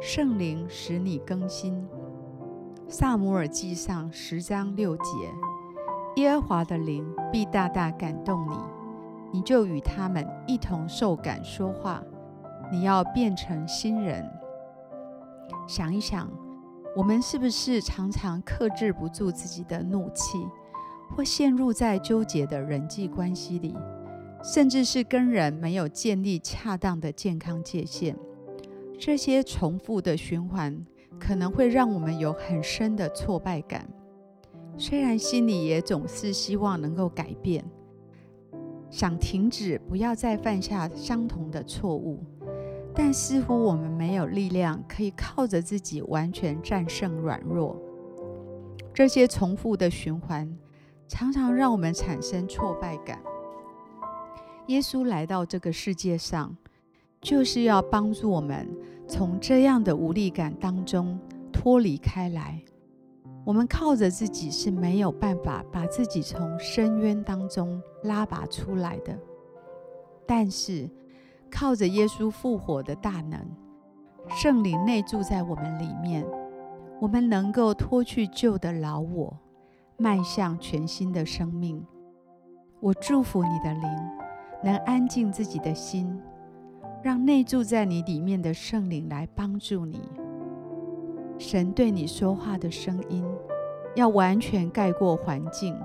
聖靈使你更新，撒母耳記上十章六節，耶和華的靈必大大感動你，你就與他們一同受感說話。你要變成新人。想一想，我們是不是常常克制不住自己的怒氣，或陷入在糾結的人際關係裡，甚至是跟人沒有建立恰當的健康界限？這些重複的循環可能會讓我們有很深的挫敗感，雖然心裡也總是希望能夠改變，想停止不要再犯下相同的錯誤，但似乎我們沒有力量可以靠着自己完全戰勝軟弱。這些重複的循環常常讓我們產生挫敗感。耶穌來到這個世界上，就是要幫助我們從這樣的無力感當中脫離開來。我們靠着自己是沒有辦法把自己從深淵當中拉拔出來的，但是靠着耶穌復活的大能，聖靈內住在我們裡面，我們能夠脫去舊的老我，邁向全新的生命。我祝福你的靈，能安靜自己的心。讓內住在你裡面的聖靈來幫助你。神對你說話的聲音，要完全蓋過環境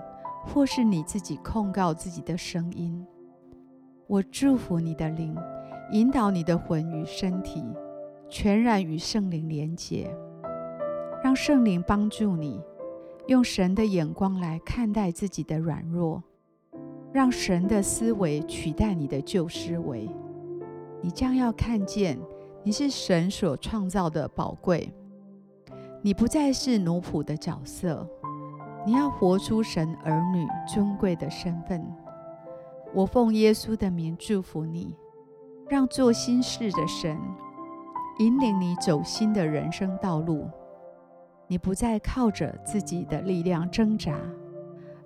或是你自己控告自己的聲音。我祝福你的靈，引導你的魂與身體，全然與聖靈連結。讓聖靈幫助你，用神的眼光來看待自己的軟弱。讓神的思維取代你的舊思維。你將要看見，你是神所創造的寶貴。你不再是奴僕的角色，你要活出神兒女尊貴的身份。我奉耶穌的名祝福你，讓做新事的神引領你走新的人生道路。你不再靠着自己的力量掙扎，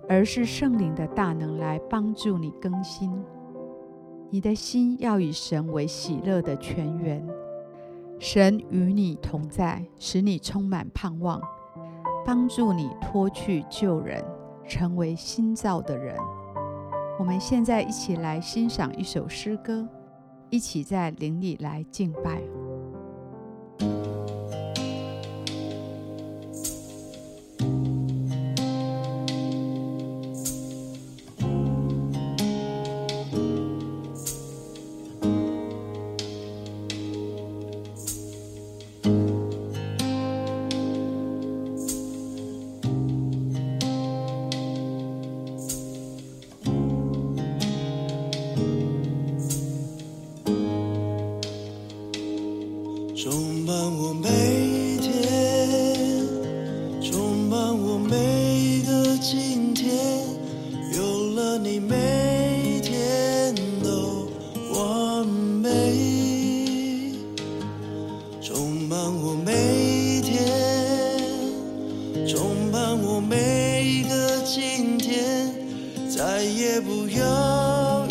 而是聖靈的大能來幫助你更新。你的心要以神為喜樂的泉源，神與你同在，使你充滿盼望，幫助你脫去舊人，成為新造的人。我們現在一起來欣賞一首詩歌，一起在靈裡來敬拜。充滿我每一天，充滿我每一個今天，有了你每天都完美。充滿我每一天，充滿我每一個今天，再也不要。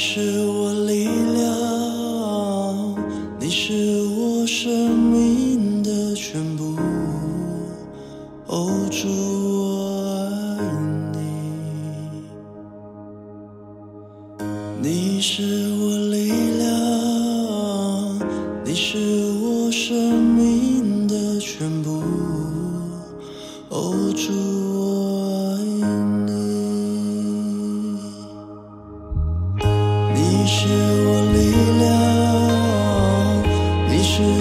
你是我力量，你是我生命的全部。哦，主，我愛你。你是我力量，你是我生命的全部。哦，主。